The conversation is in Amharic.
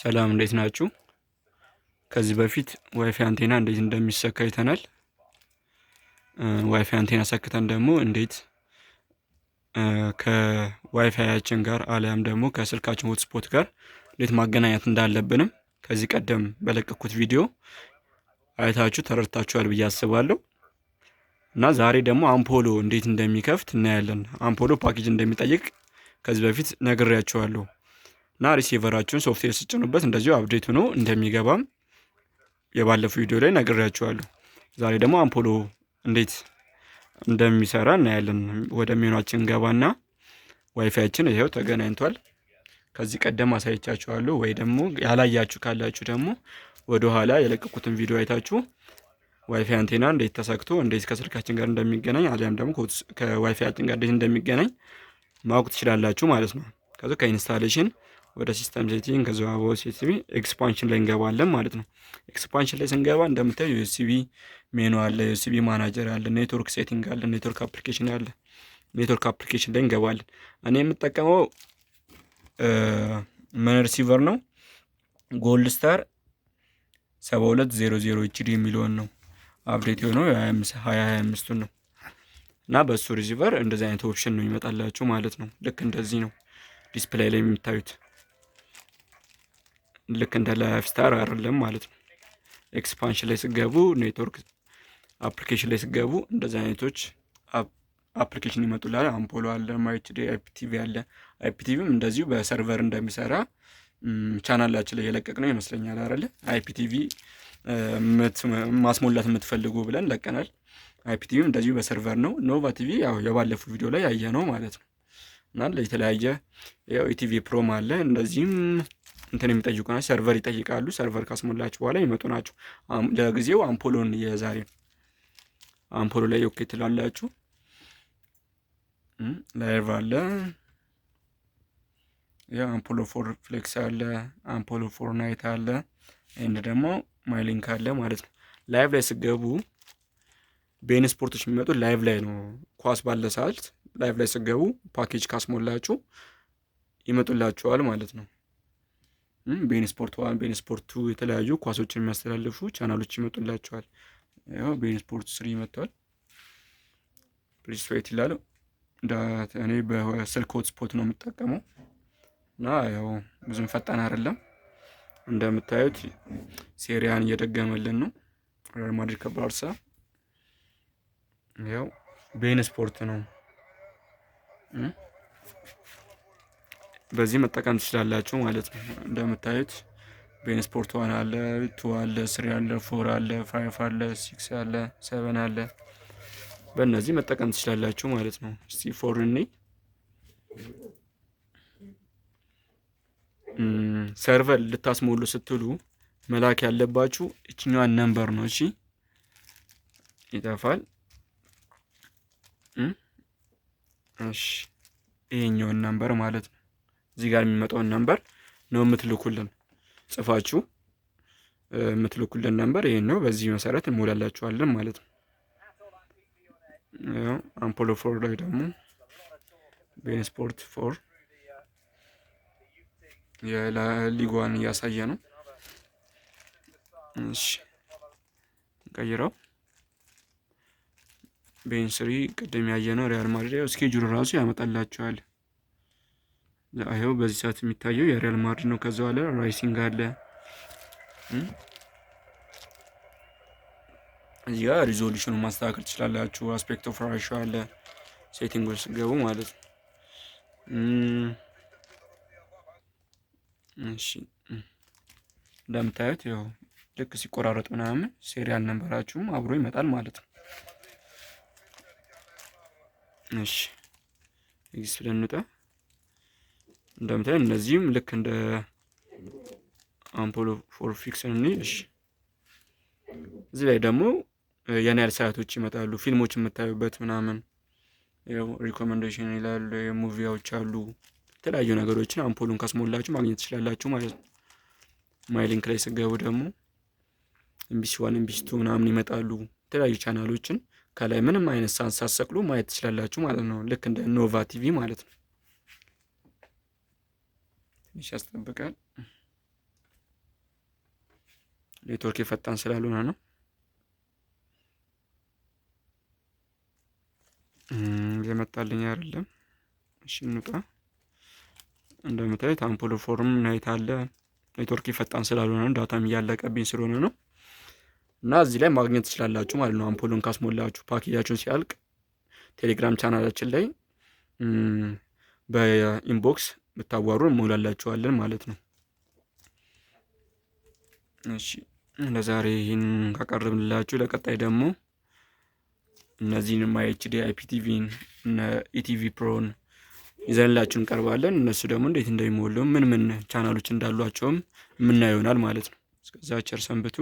ሰላም እንዴት ናችሁ? ከዚህ በፊት ዋይፋይ አንቴና እንዴት እንደሚሰካ አይተናል። ዋይፋይ አንቴና ሰክተን ደግሞ እንዴት ከዋይፋያችን ጋር አሊያም ደግሞ ከስልካችን ሆትስፖት ጋር እንዴት ማገናኘት እንዳለብንም ከዚህ ቀደም በለቀኩት ቪዲዮ አይታችሁ ተረድታችኋል ብዬ አስባለሁ። እና ዛሬ ደግሞ አምፖሎ እንዴት እንደሚከፍት እናያለን። አምፖሎ ፓኬጅ እንደሚጠይቅ ከዚህ በፊት ነግሬያችኋለሁ። እና ሪሲቨራችሁን ሶፍትዌር ስጭኑበት እንደዚሁ አፕዴት ሆኖ እንደሚገባም የባለፈው ቪዲዮ ላይ ነግሬያችኋለሁ። ዛሬ ደግሞ አምፖሎ እንዴት እንደሚሰራ እናያለን። ወደ ሜኗችን እንገባና ዋይፋያችን ይኸው ተገናኝቷል። ከዚህ ቀደም አሳይቻችኋለሁ ወይ ደግሞ ያላያችሁ ካላችሁ ደግሞ ወደኋላ የለቀቁትን ቪዲዮ አይታችሁ ዋይፋይ አንቴና እንዴት ተሰክቶ እንዴት ከስልካችን ጋር እንደሚገናኝ አሊያም ደግሞ ከዋይፋያችን ጋር እንዴት እንደሚገናኝ ማወቅ ትችላላችሁ ማለት ነው። ከዚ ከኢንስታሌሽን ወደ ሲስተም ሴቲንግ ከዛ ወደ ኤክስፓንሽን ላይ እንገባለን ማለት ነው። ኤክስፓንሽን ላይ ስንገባ እንደምታዩ ዩኤስቢ ሜኑ አለ፣ ዩኤስቢ ማናጀር አለ፣ ኔትወርክ ሴቲንግ አለ፣ ኔትወርክ አፕሊኬሽን አለ። ኔትወርክ አፕሊኬሽን ላይ እንገባለን። እኔ የምጠቀመው መነር ሪሲቨር ነው። ጎልድ ስታር 7200 ኤችዲ የሚለውን ነው አፕዴት የሆነው 2025ቱን ነው እና በእሱ ሪሲቨር እንደዚህ አይነት ኦፕሽን ነው ይመጣላችሁ ማለት ነው። ልክ እንደዚህ ነው ዲስፕሌይ ላይ የሚታዩት። ልክ እንደ ላይፍ ስታር አይደለም ማለት ነው። ኤክስፓንሽን ላይ ስገቡ፣ ኔትወርክ አፕሊኬሽን ላይ ስገቡ እንደዚህ አይነቶች አፕሊኬሽን ይመጡላል። አምፖሎ አለ፣ ማይችዲ አይፒቲቪ አለ። አይፒቲቪም እንደዚሁ በሰርቨር እንደሚሰራ ቻናላችን ላይ የለቀቅ ነው ይመስለኛል አይደለ? አይፒቲቪ ማስሞላት የምትፈልጉ ብለን ለቀናል። አይፒቲቪም እንደዚሁ በሰርቨር ነው። ኖቫ ቲቪ ያው የባለፉ ቪዲዮ ላይ ያየ ነው ማለት ነው እና የተለያየ ያው ኢቲቪ e ፕሮም አለ እንደዚህም እንትን የሚጠይቁ ናቸው። ሰርቨር ይጠይቃሉ። ሰርቨር ካስሞላችሁ በኋላ ይመጡ ናቸው። ለጊዜው አምፖሎን የዛሬ አምፖሎ ላይ ኦኬ ትላላችሁ። ላይቭ አለ። አምፖሎ ፎር ፍሌክስ አለ፣ አምፖሎ ፎር ናይት አለ፣ ኤንድ ደግሞ ማይሊንክ አለ ማለት ነው። ላይቭ ላይ ስገቡ ቤን ስፖርቶች የሚመጡት ላይቭ ላይ ነው። ኳስ ባለ ሰዓት ላይቭ ላይ ስገቡ ፓኬጅ ካስሞላችሁ ይመጡላችኋል ማለት ነው። ቤን ስፖርት ዋን፣ ቤን ቱ የተለያዩ ኳሶችን የሚያስተላልፉ ቻናሎች ይመጡላቸዋል። ያው ቤን ስፖርት ስሪ ይመጥተዋል። ፕሊስ ዌት እኔ በስልክ ሆት ስፖት ነው የምጠቀመው እና ያው ብዙም ፈጣን አይደለም። እንደምታዩት ሴሪያን እየደገመልን ነው። ሪያል ማድሪድ ከባርሳ ያው ቤን ስፖርት ነው። በዚህ መጠቀም ትችላላችሁ ማለት ነው። እንደምታዩት ቤን ስፖርት ዋን አለ፣ ቱ አለ፣ ስሪ አለ፣ ፎር አለ፣ ፋይፍ አለ፣ ሲክስ አለ፣ ሰቨን አለ። በእነዚህ መጠቀም ትችላላችሁ ማለት ነው። እስቲ ፎር እኔ ሰርቨር ልታስሞሉ ስትሉ መላክ ያለባችሁ እችኛዋን ነምበር ነው። እሺ ይጠፋል። እሺ ይሄኛውን ነምበር ማለት ነው። እዚህ ጋር የሚመጣውን ነንበር ነው የምትልኩልን ጽፋችሁ የምትልኩልን ነንበር ይህን ነው። በዚህ መሰረት እንሞላላችኋለን ማለት ነው። አምፖሎ ፎር ላይ ደግሞ ቤንስፖርት ስፖርት ፎር የላሊጓን እያሳየ ነው። እሺ ቀይረው ቤንስሪ ቅድም ያየ ነው ሪያል ማድሪድ እስኬጁል ራሱ ያመጣላችኋል። ይኸው በዚህ ሰዓት የሚታየው የሪያል ማድሪድ ነው። ከዛ በኋላ ራይሲንግ አለ። እዚህ ጋር ሪዞሉሽኑ ማስተካከል ትችላላችሁ። አስፔክት ኦፍ ራሽ አለ። ሴቲንጎች ስገቡ ማለት ነው። እሺ እንደምታዩት ያው ልክ ሲቆራረጥ ምናምን ሴሪያል ነንበራችሁም አብሮ ይመጣል ማለት ነው። እሺ ኤግዚት እንደምታዩ እነዚህም ልክ እንደ አምፖል ፎር ፊክሽን እሺ። እዚህ ላይ ደግሞ የናይል ሰዓቶች ይመጣሉ፣ ፊልሞች የምታዩበት ምናምን፣ ያው ሪኮመንዴሽን ይላል፣ ሙቪያዎች አሉ፣ የተለያዩ ነገሮችን አምፖሉን ካስሞላችሁ ማግኘት ትችላላችሁ ማለት ነው። ማይ ሊንክ ላይ ስገቡ ደግሞ ኤምቢሲ ዋን ኤምቢሲ ቱ ምናምን ይመጣሉ፣ የተለያዩ ቻናሎችን ከላይ ምንም አይነት ሳንሳሰቅሉ ማየት ትችላላችሁ ማለት ነው። ልክ እንደ ኖቫ ቲቪ ማለት ነው። ትንሽ ያስጠብቃል። ኔትወርክ የፈጣን ስላልሆነ ነው። የመጣልኝ አይደለም። እሺ እንውጣ። እንደምታዩት አምፖል ፎርም ናይት አለ። ኔትወርክ ፈጣን ስላልሆነ ነው፣ ዳታም እያለቀብኝ ስለሆነ ነው። እና እዚህ ላይ ማግኘት ትችላላችሁ ማለት ነው። አምፖሉን ካስሞላችሁ ፓኬጃችሁን ሲያልቅ ቴሌግራም ቻናላችን ላይ በኢንቦክስ ብታዋሩን እንሞላላቸዋለን ማለት ነው። እሺ ለዛሬ ይህን ካቀርብንላችሁ ለቀጣይ ደግሞ እነዚህን ማይችዲ አይፒቲቪን እነ ኢቲቪ ፕሮን ይዘንላችሁ እንቀርባለን። እነሱ ደግሞ እንዴት እንደሚሞሉ ምን ምን ቻናሎች እንዳሏቸውም የምናየሆናል ማለት ነው። እስከዛ ቸር ሰንብቱ።